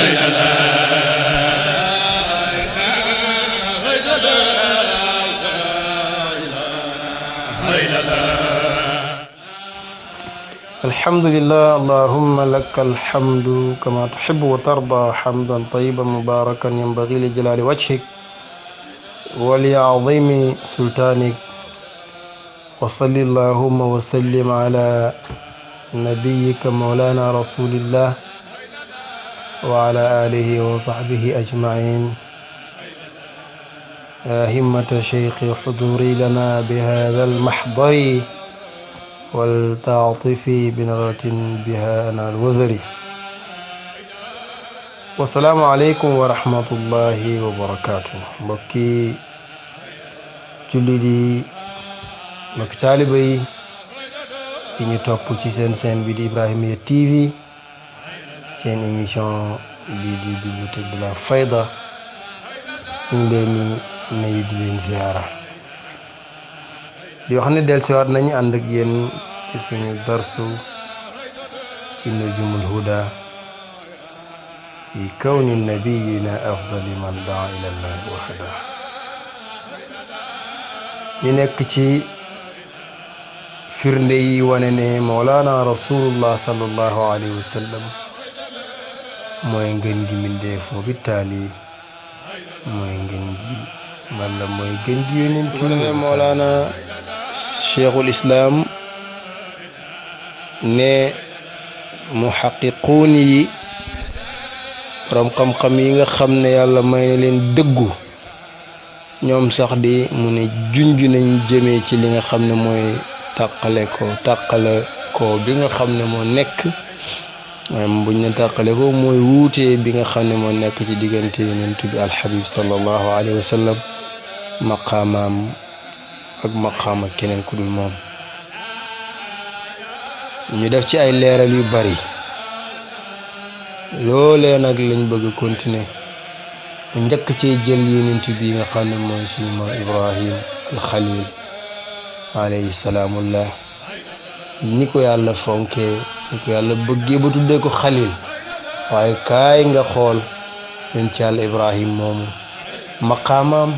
الحمد لله اللهم لك الحمد كما تحب وترضى حمدا طيبا مباركا ينبغي لجلال وجهك ولعظيم سلطانك وصل اللهم وسلم على نبيك مولانا رسول الله وعلى آله وصحبه أجمعين يا همة شيخ حضوري لنا بهذا المحضر ولتعطفي بنظرة بها أنا الوزري والسلام عليكم ورحمة الله وبركاته بكي جلدي مكتالبي إني ñu topp سين seen seen TV seen émission bi di di Boutique de Fayda ñu ngi leen di nuyu di leen ziara di wax ne dellusiwaat nañu ànd yen yéen ci suñu darsu ci nujumul huda fi kawni nabiyina afdali man daa ila llahi wa hada ñu nekk ci firnde yi wane ne moolaana rasulullah sallallahu alayhi wa mooy ngën gi mbindéef wa bitaali mooy ngën gi walla mooy ngën gi yonent yi ne moolaana cheikhul islaam ne muhaqiquun yi borom xam-xam yi nga xam ne yàlla may na leen dëggu ñoom sax di mu ne junj nañ jëmee ci li nga xam ne mooy tàqale ko tàqale ko bi nga xam ne moo nekk maanaam buñ ne tàqale ko mooy wuutee bi nga xam ne moo nekk ci diggante yonent bi alxabib sallallahu alayhi wa sallam maqaamaam ak maqaam ak keneen ku dul moom ñu def ci ay leeral yu bari loolee nag lañ bëgg a continuer njëkk cee yi yonent bi nga xam ne mooy suñu maam Ibrahim alxalil alayhi salaamullah ni ko yàlla fonkee ni ko yàlla bëggee ba tuddee ko xalil waaye kaay nga xool yonent ci yàlla ibrahim moomu maqaamaam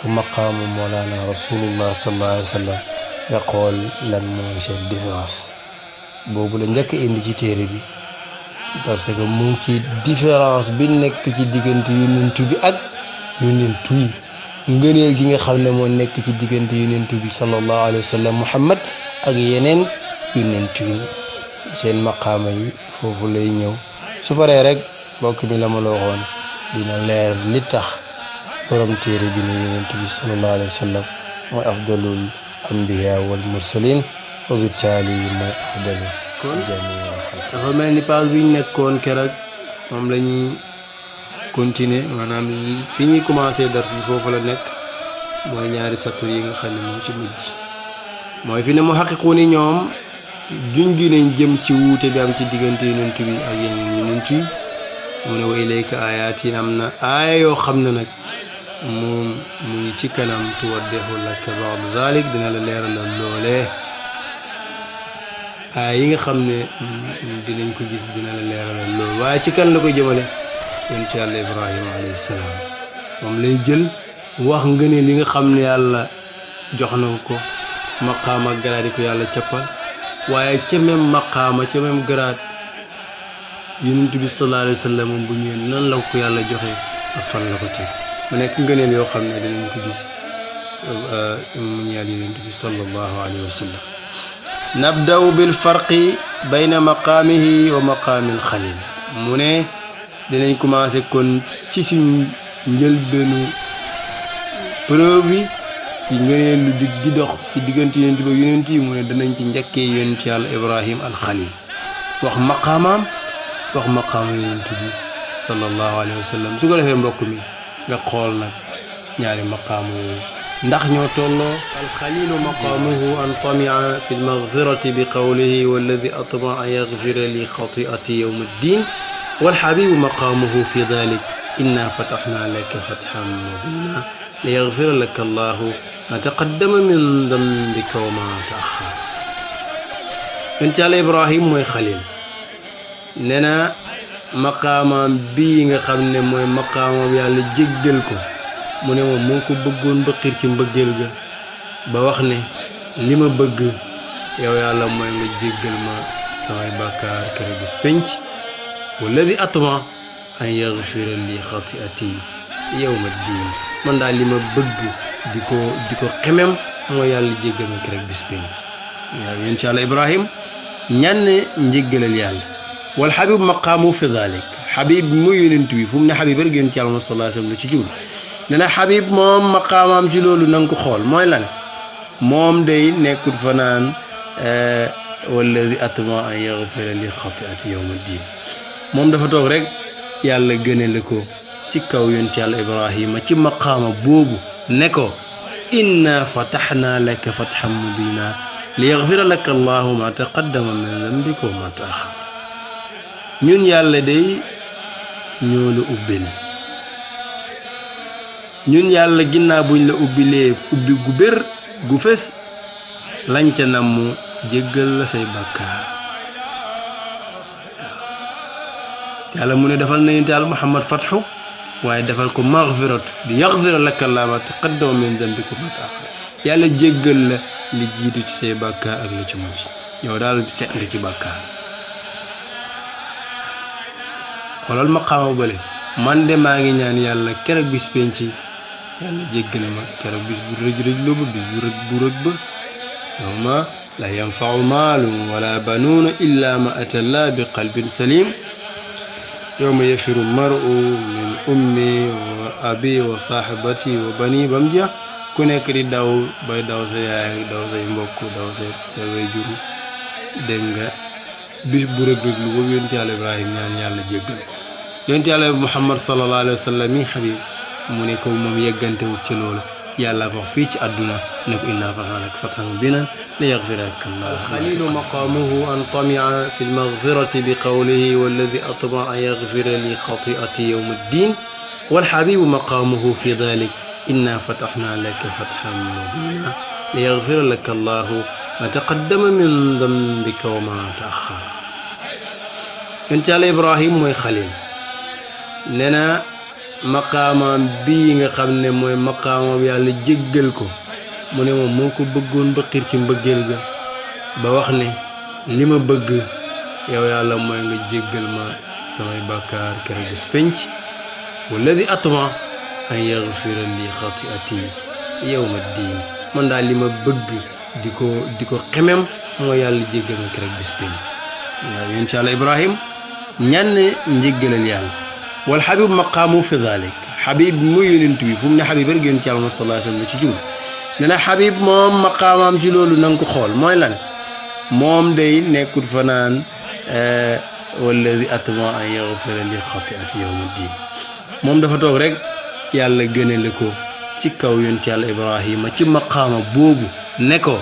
fu maqaamu moolaana rasulullah sallallahu alayhi wa sallam nga xool lan mooy seen différence boobu la njëkk indi ci téere bi parce que mu ngi ci différence bi nekk ci diggante yonent bi ak yonent yi ngëneel gi nga xam ne moo nekk ci diggante yonent bi sallallahu alayhi wa sallam muhammad ak yeneen yonent seen maqaama yi foofu lay ñëw su paree rek mbokk mi la ma la waxoon dina leer li tax borom téere bi ne yonent bi sallallahu alayhi wa sallam mooy afdalul ambiya wal mursalin wa bitaali mooy afdalu kon mel ni page bi ñu nekkoon keroog moom la ñuy continuer maanaam fi ñuy commencé dar bi foofu la nekk mooy ñaari sattur yi nga xam ne moom ci mujj mooy fi ne mu xaqiqu ni ñoom jungi nañ jëm ci wuute bi am ci diggante yonent bi ak yeneen yonent yi mu ne wa ilayka ayatin am na aaya yoo xam ne nag moom mu ngi ci kanam tuwaddihu laka ba'd zalik dina la leeralal loolee aaya yi nga xam ne dinañ ko gis dina la leeralal lool waaye ci kan la ko jëmale yonent yàlla ibrahima alayhi salaam moom lay jël wax nga ne li nga xam ne yàlla jox na ko maqaam ak garaadi ko yàlla cappal waaye ca même maqaama ca même garaat yonent bi sallallahu alayhi wa sallam bu ñëwee nan la ko yàlla joxe ak fan la ko teg mu nekk ngëneel yoo xam ne danañ ko gis mu ñeel yonent bi sallallahu alayhi wa sallam nabdaw bil farqi bayna maqaamihi wa maqaamil xalil mu ne dinañ commencé kon ci suñu njëlbeenu preuve yi ci ngëneelu di di dox ci diggante yonent ba yonent yi mu ne danañ ci njëkkee yonent yàlla ibrahim alxalil wax maqaamaam wax maqaamam yonent bi sallallahu alayhi wa sallam su ko defee mbokk mi nga xool nag ñaari maqaamu yooyu ndax ñoo tolloo alxalilu maqaamuhu an tamia fi lmagfirati bi qawlihi walladi atma an yagfira li xatiati yowma ddin والحبيب مقامه في ذلك إنا فتحنا لك فتحا مبينا ليغفر لك الله ما تقدم من ذنبك وما تأخر yonent Yàlla Ibrahim mooy xalil nee na maqaamaam bii nga xam ne mooy maqaamaam yàlla jéggal ko mu ne moom moo ko bëggoon ba xiir ci mbëggeel ga ba wax ne li ma bëgg yow yàlla mooy nga jéggal ma samay bàkkaar kër bis pénc walladi atma an yaxfira li xatiati yawma diin man daal li ma bëgg di ko di ko xemem mooy yàlla jéggal ma rek bis bi yaaw yéen ci yàlla ibrahim ñan ne njéggalal yàlla wal xabib maqaamu fi dhalik xabib mu yonent bi fu mu ne xabib rek yéen ci yàlla moom sallallahu alayhi wasallam la ci jublu ne na xabib moom maqaamaam ci loolu na nga ko xool mooy lan moom day nekkut fa naan walladi atma an yaxfira li xatiati yawma ddin moom dafa toog rek yàlla gëne la ko ci kaw yonent yàlla ibrahima ci maqaama boobu ne ko inna fataxnaa laka fatxan mubina li yaxfira laka allahu ma taqaddama min dambika wa ñun yàlla day ñoo la ubbil ñun yàlla ginnaaw buñ la ubbilee ubbi gu bér gu fés lañ ca namm jéggal la say bàkkaar yàlla mu ne defal na yonent muhammad fatxu waaye defal ko maxfirat di yaxfira laka laa ma taqaddama min dambika ma taaxar yàlla jéggal la li jiitu ci say bàkkaar ak la ci mujj yow daal set nga ci bàkkaar xoolal ma xaama bële man de maa ngi ñaan yàlla keroog bis penc yàlla jéggal ma keroog bis bu rëj rëj la ba bis bu rëj bu rëj ba yawma la yanfau maalum wala banuuna illa ma atalla bi qalbin salim يوم يفر المرء من أمي وأبي وصاحبتي وبني بمجا كونك ري داو باي داو سي ياي داو سي مبوك داو سي سوي جوم دنگا بيس بو رك رك لو ويونت يالله ابراهيم نيان يعني يالله جيغل يونت يالله محمد صلى الله عليه وسلم حبيب مونيكو موم يغانتو تي لولو يلا الله أدنى أدنا إنا فرحانك فتحا بنا ليغفر لك الله الخليل مقامه أن طمع في المغفرة بقوله والذي أطمع يغفر لي خطيئتي يوم الدين والحبيب مقامه في ذلك إنا فتحنا لك فتحا مبينا ليغفر لك الله ما تقدم من ذنبك وما تأخر أنت على إبراهيم وخليل لنا maqaamaam bii nga xam ne mooy maqaamaam yàlla jéggal ko mu ne moom moo ko bëggoon ba xiir ci mbëggeel ga ba wax ne li ma bëgg yow yàlla mooy nga jéggal ma samay bàkkaar kër gis pénc walladi atma an yaxfira li xatiati yawma diin man daal li ma bëgg di ko di ko xemem moo yàlla jéggal ma kër gis pénc waaw yéen ci yàlla Ibrahim ñaan njéggalal yàlla والحبيب مقامه في ذلك حبيب مو يونتي فمنا حبيب رجل صلى الله عليه وسلم تجوم نانا حبيب موم مقام ام جي لولو نانكو خول موي لان موم داي نيكوت فنان ا آه، والذي اتما ان يغفر لي خطيئه يوم الدين موم دا فا توك ريك يالا غنيلكو تي كاو يونتي الله ابراهيم تي مقام بوبو نكو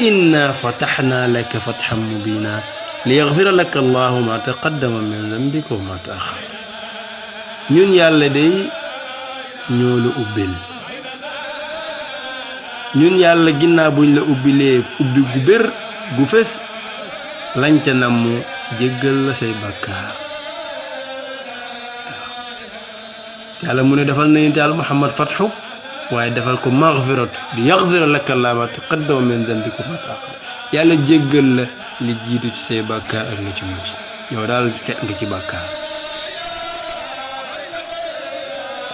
انا فتحنا لك فتحا مبينا ليغفر لك الله ما تقدم من ذنبك وما تاخر ñun yàlla day ñoo la ubbil ñun yàlla ginnaaw buñ la ubbilee ubbi gu bér gu fés lañ ca namm jéggal la say bàkkaar yàlla mu ne defal nañu daal Muhammad fatxu waaye defal ko maxfiratu di yaxfira laka laa ma taqaddama min zambika ma yàlla jéggal la li jiitu ci say bàkkaar ak la ci mujj yow daal set nga ci bàkkaar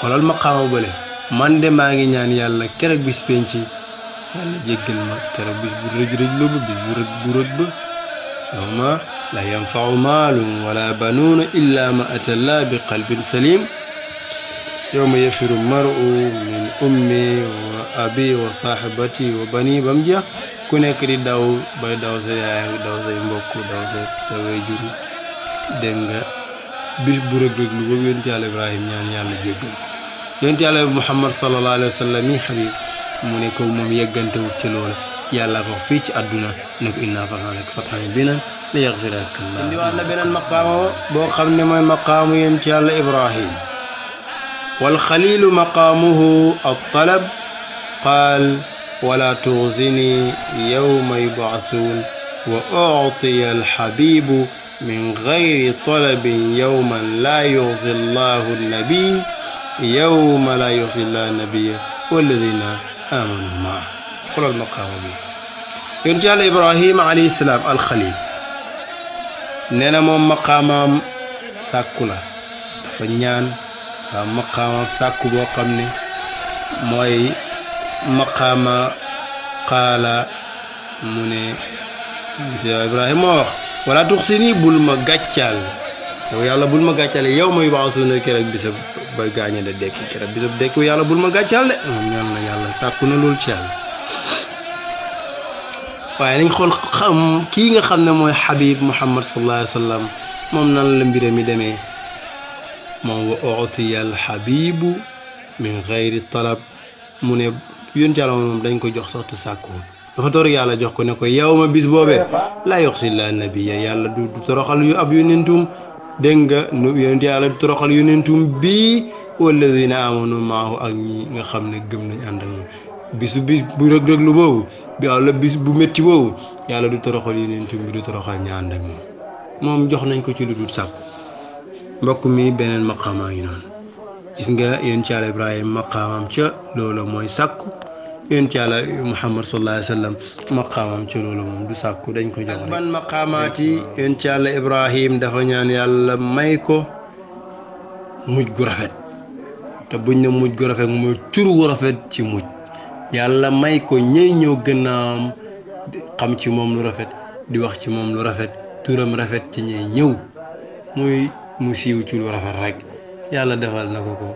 xolal ma xaama bële man de maa ngi ñaan yàlla keroog bis penc yàlla jéggal ma keroog bis bu rëj rëj la ba bis bu rëj bu rëj ba yawma la yanfau maalun wala banuuna illa ma atalla bi qalbin salim yawma yafiru maru min ummi wa abi wa saxibati wa bani ba mu jeex ku nekk di daw bay daw sa yaay daw say mbokk daw sa sa wayjur dégg nga bis bu rëg rëg lu ba ci yàlla ibrahim ñaan yàlla jéggal yonent yàlla bi Muhammad sallallahu alayhi wa sallam mi xabib mu ne ko moom yeggantewut ci loolu yàlla ko fii ci àdduna ne ko innaa fatahnaka fathan mubiinan li yaghfira laka llaah indiwaat na beneen maqaamu boo xam ne mooy maqaamu yonent yàlla Ibrahim wal xaliilu maqaamuhu at-talab qaal wala tuxzini yawma yub'athuun wa u'tiya al-habiibu min gayri talabin yawman laa yuxzi llaahu an-nabiy yawma laa yuxzi llaahu nabiyya walladiina aamanu maa xoolal maqaama bi yonent yàlla ibrahima alayhi salaam alxalil nee na moom maqaamaam sàkku la dafa ñaan waaw maqaamaam sàkku boo xam ne mooy maqaama qaala mu ne ibrahima moo wax wala tuxsi nii bul ma gàccaal yow yàlla bul ma gàccaal yow ma yubaasuuna bay gaañe da dekki keroog bisub dekkiwu ma gàccaal de moom ñaan na na loolu ci yàlla waaye nañ xool xam kii nga xam ne mooy Habib Muhammad sallallahu alayhi wa moom nan la mbire mi demee moom wa utiya al habibu min gayri talab mu ne yónni moom dañ ko jox saxtu sàkkuwul dafa toog yàlla jox ko ne ko yow ma bis boobee laa yox nabiya yàlla du toroxal yu ab yónintum dégg nga nu yonent yàlla toroxal yonentum bii walladina amanu maahu ak ñi nga xam ne gëm nañ ànd ak bisu bi bu rëg-rëg lu boobu bi walla bis bu metti boobu yàlla du toroxal yonentum bi du toroxal ñi ànd moom moom jox nañ ko ci lu dul sàkk mbokk mi beneen maqaamaa ngi noonu gis nga yéen ci Ibrahima maqaamam ca loola mooy sàkku yonent yàlla Muhammad sallallahu alayhi wa sallam maqaamam ci loolu moom du sàkku dañ ko jox ban maqaamaat yi yonent yàlla Ibrahim dafa ñaan yàlla may ko mujj gu rafet te buñ ne mujj gu rafet mooy tur wu rafet ci mujj yàlla may ko ñëy ñëw gënnaam xam ci moom lu rafet di wax ci moom lu rafet turam rafet ci ñëy ñëw muy mu siiw ci lu rafet rek yàlla defal na ko ko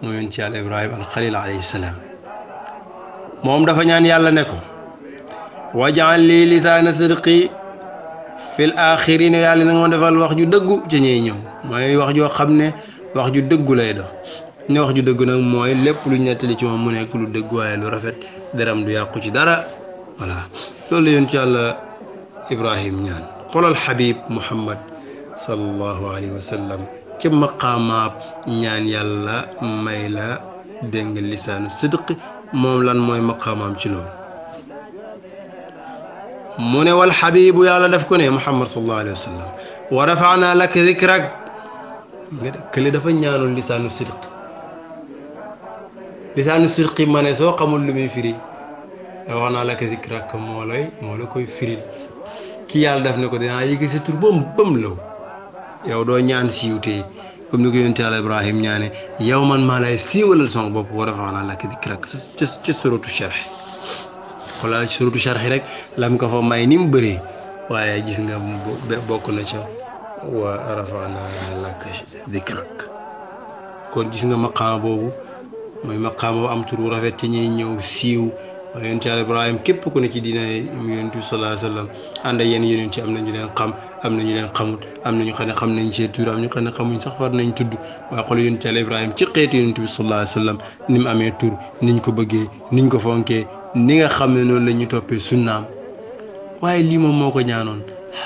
mooy yonent yàlla Ibrahim alxalil alayhi salaam moom dafa ñaan yàlla ne ko wajaal lii lisaana sidqi fil aaxirin yàlla na ma defal wax ju dëggu ci ñuy ñëw mooy wax joo xam ne wax ju dëggu lay dox ne wax ju dëgg nag mooy lépp lu nettali ci moom mu nekk lu dëgg waaye lu rafet deram du yàqu ci dara voilà loolu yoon ci yàlla ibrahim ñaan xoolal xabib muhammad sallallahu alayhi wa sallam ci maqaamaab ñaan yàlla may la dégg lisaanu sidq moom lan mooy maqaamaam ci loolu mu ne wal xabibu yàlla daf ko ne muhammad sallallahu alayhi wa sallam wa rafaanaa laka dikrak nga kële dafa ñaanoon lisaanu sidq lisaanu sidqi ma ne soo xamul lu firi wax naa laka dikrak moo lay moo la koy firil ki yàlla daf ne ko dinaa yëg sa tur ba yow doo ñaan siiw comme ni ko yonent Yàlla Ibrahim ñaane yow man maa lay siiwalal sama bopp war a faanaa lakk di kirak ca ca suratu charx xoolal ci rek la ko fa may ni mu bëree waaye gis nga bokk na ca wa rafaanaa laka dikrak kon gis nga maqaama boobu mooy maqaama bu am turu rafet ci ñuy ñëw siiw yonent yàlla ibrahima képp ku ne ci diina yonent bi salaa sallam ànd ak yenn yonent yi am nañu leen xam am nañu leen xamut am nañu xam ne xam nañ seen tur am ñu xam ne xamuñ sax far nañ tudd waaye xool yonent yàlla ibrahima ci xeetu yonent bi salaa sallam ni mu amee tur niñ ko bëggee niñ ko fonkee ni nga xam ne noonu la ñu toppee sunnaam waaye lii moom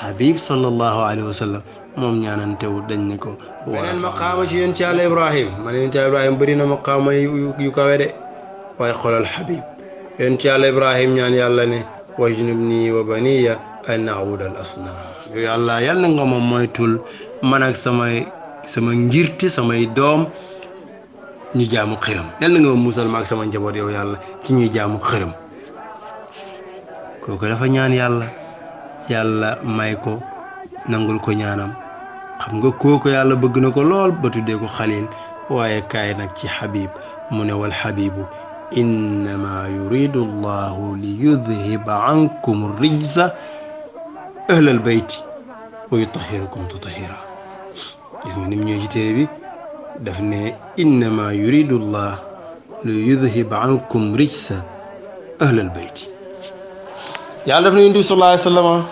habib sallallahu alayhi wa sallam moom ñaanantewul dañ ne ko beneen maqaama ci yonent yàlla ibrahima man yonent yàlla ibrahima bëri na maqaama yu kawe de waaye xoolal habib ci yàlla ibrahim ñaan yàlla ne wajnub nii wa baniya an na'buda al asnaam yow yàlla yal na nga ma moytul man ak samay sama samay doom ñu jaamu xërëm yal na nga ma musal ma ak sama njaboot yow yàlla ci ñuy jaamu xërëm kooku dafa ñaan yàlla yàlla may ko nangul ko ñaanam xam nga kooku yàlla bëgg na ko lool ba tuddee ko xalil waaye kaay nag ci xabib mu ne wal xabibu إنما يريد الله ليذهب عنكم الرجس أهل البيت ويطهركم تطهيرا إذن من نيو جي إنما يريد الله ليذهب عنكم رجس أهل البيت يعلمني النبي صلى الله عليه وسلم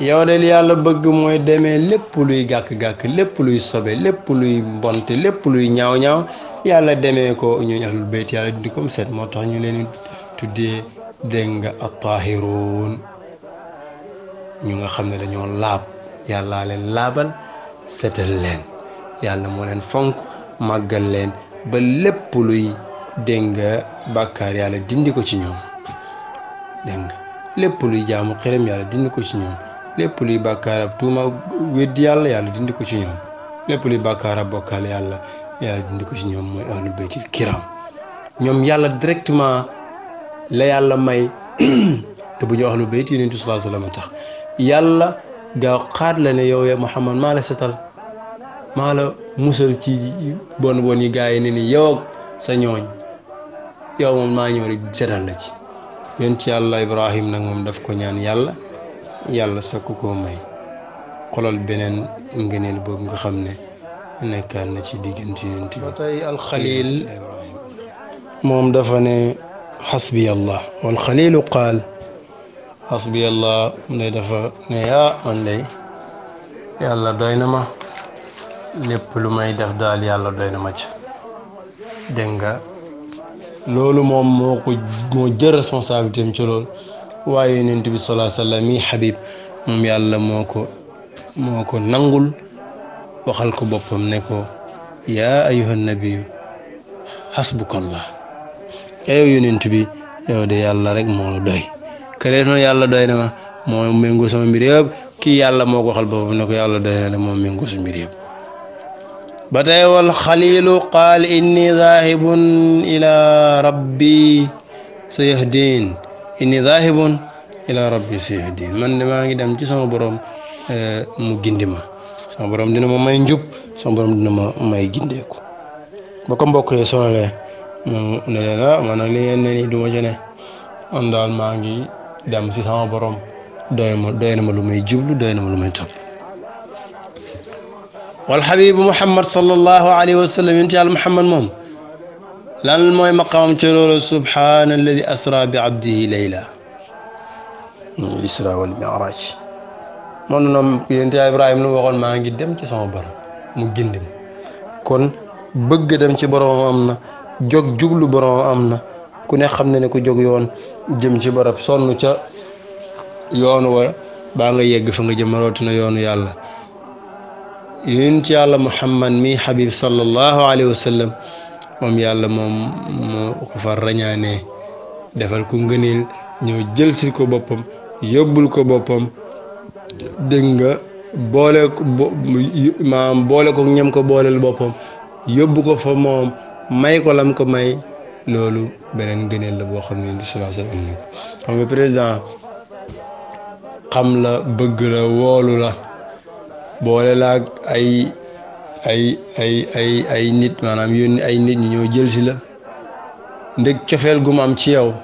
yow de li yàlla bëgg mooy demee lépp luy gàkk-gàkk lépp luy sobe lépp luy mbonte lépp luy ñaaw-ñaaw yàlla demee ko ñu ahlul bayt yàlla di ko seet moo tax ñu leen tuddee dégg nga at-taahiruun ñu nga xam ne dañoo laab yàlla leen laabal setal leen yàlla moo leen fonk màggal leen ba lépp luy dégg nga bàkkaar yàlla dindi ko ci ñoom dégg nga lépp luy jaamu xërëm yàlla dindi ko ci ñoom lépp luy bàkkaar ab tuuma weddi yàlla yàlla dindi ko ci ñoom lépp luy bàkkaar ab yàlla yàlla dindi ko ci ñoom mooy ahlul baytil kiram ñoom yàlla directement la yàlla may te bu ñu ahlul lu yonent bi sallallahu alayhi wa sallam yàlla gaaw xaat la ne yow ya Muhammad maa la setal maa la musal ci bon bon yi gars yi ne ni yow ak sa ñooñ yow moom maa ñëw rek setal la ci yonent yàlla Ibrahim nag moom daf ko ñaan yàlla yàlla sakku koo may xolal beneen ngeneel boobu nga xam ne nekkaan na ci diggante yonent bi tey moom dafa ne xasbiya allah walxalilu qaal xasbiya allah dafa ne yaa man day yàlla doy na ma lépp lu may def daal yàlla doy na ma ca dégg loolu moom moo ko moo jël responsabilité am waaye yonent bi salaa sallam yi xabib moom yàlla moo ko ko nangul waxal ko boppam ne ko yaa ayuha nabiyu xasbukallah yow yonent bi yow de yàlla rek moo la doy këree noonu yàlla doy na ma moo méngoo sama mbir yëpp kii yàlla waxal boppam ne ko yàlla doy ne moom méngoo sama mbir yëpp ba tey qaal inni zaahibun ila rabbi sayahdin inni zaahibun ila rabbi sayahdi man de maa ngi dem ci sama borom eh, mu gindi ma sama borom dina ma may njub sama borom dina ma may gindeeku ba ko mbokk yi sonalee mu ne leen ah ne nii du ma ci ne man daal maa ngi dem ci sama borom doy ma doy na ma lu may jublu doy na ma lu may topp. wal xabibu Muhammad sallallahu alayhi wa sallam yonent Yàlla Muhammad moom. لان الموي مقام تلول سبحان الذي اسرى بعبده ليلا الاسراء والمعراج من نوم ينت ابراهيم لو وخون ماغي ديم سي سما بار مو جندم كون بغ ديم سي بروم امنا جوج جوبلو بروم امنا كو نه خامن نكو جوج يون ديم سي بروب سونو تا يون و با nga yegg fa nga jëm rootina yoonu yàlla yunt yàlla muhammad mi habib sallallahu alayhi wa sallam moom yàlla moom moo ko fa rañaanee defal ku ngëneel ñëw jël si ko boppam yóbbul ko boppam dégg nga boole maam boole ko ñam ko booleel boppam yóbbu ko fa moom may ko lam ko may loolu beneen ngëneel la boo xam ne di sallallahu alayhi wasallam xam nga président xam la bëgg la woolu la boole la ay ay ay ay ay nit maanaam yónni ay nit ñu ñoo jël si la ndég cofeel gu mu am ci yow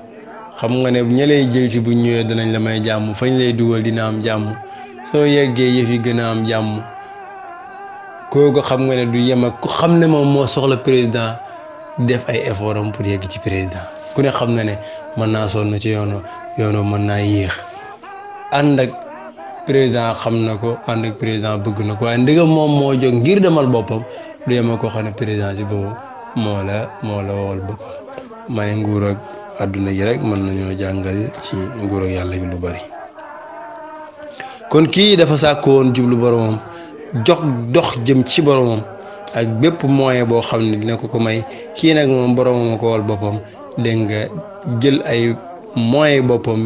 xam nga ne ña lay jël si buñ ñëwee danañ la may jàmm fañ lay dugal dina am jàmm soo yeggee yëf gën a am jàmm kooku xam nga ne du yem ak ku xam ne moom moo soxla président def ay effort pour yegg ci président ku ne xam na ne mën naa sonn ci yoonu yoonu mën naa yéex ànd ak président xam na ko ànd ak président bëgg na ko waaye ndegam moom moo jóg ngir demal boppam du yema ko xam ne président si boobu moo la moo la wowal boppam may nguur ak àdduna gi rek mën nañoo jàngal ci nguur ak yàlla gi lu bari kon kii dafa sàkk woon jublu boromam jox dox jëm ci boromam ak bépp moyen boo xam ne dina ko ko may kii nag moom boromam a ko wal boppam dégg jël ay moyen boppam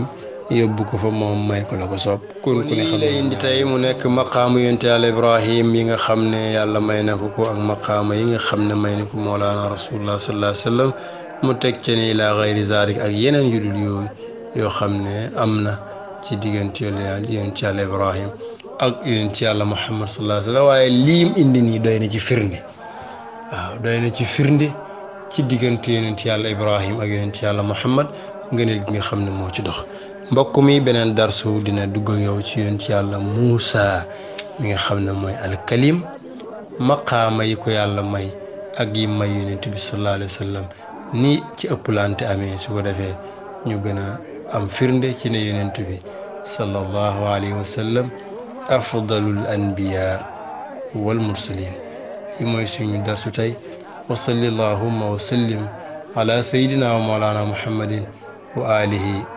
yóbbu ko fa moom may ko la ko soob kon ku ne xam indi tey mu nekk maqaamu yonte yàlla ibrahim yi nga xam ne yàlla may na ko ko ak maqaama yi nga xam ne may na ko moolaana rasulullah sallallahu mu teg ci ne ilaa gayri zalik ak yeneen yu dul yoo xam ne am na ci diggante yonte yàlla ibrahim ak yonte yàlla muhammad sallallahu alayhi wa sallam waaye liim indi nii doy na ci firnde waaw doy na ci ci diggante yonent yàlla ibrahim ak yonent yàlla muhammad ngëneel nga xam ne moo ci dox mbokk mi beneen darsu dina dugg ak yow ci yoon ci yàlla Muusa mi nga xam ne mooy alkalim maqaama yi ko yàlla may ak yi may yonent bi sallallahu alayhi wa ni ci ëpplante amee su ko defee ñu gën a am firnde ci ne bi sallallahu alayhi wa sallam afdalul anbiya wal mursalin li mooy suñu darsu tey wa salli allahumma wa sallim ala sayyidina wa mawlana muhammadin wa alihi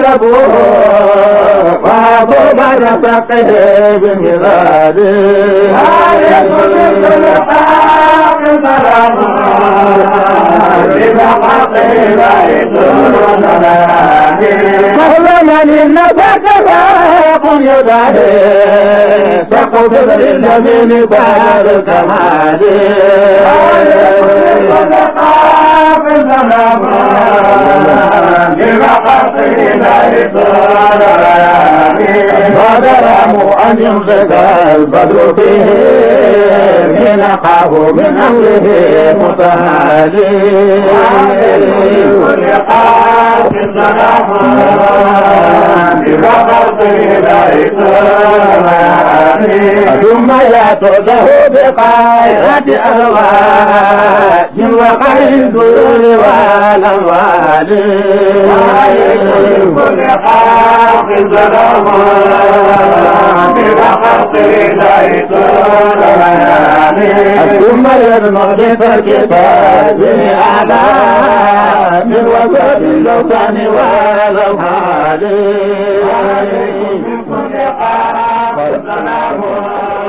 ربو ما بو مرحبا تقيدي بادو عليتو قدر الذي مقدار كمالي قدرهم أن يمزق البدر فيه من أخاه من أمره متهالي كل قاف سلام بما قصر لا لا تؤذه بقاعدة أهواء من وقع الذل والأموال كل حاق ظلم بخط ليس ثم يدمغ بالكتاب أعلى من وسط اللوطن والأموال عليكم بكل حاق ظلم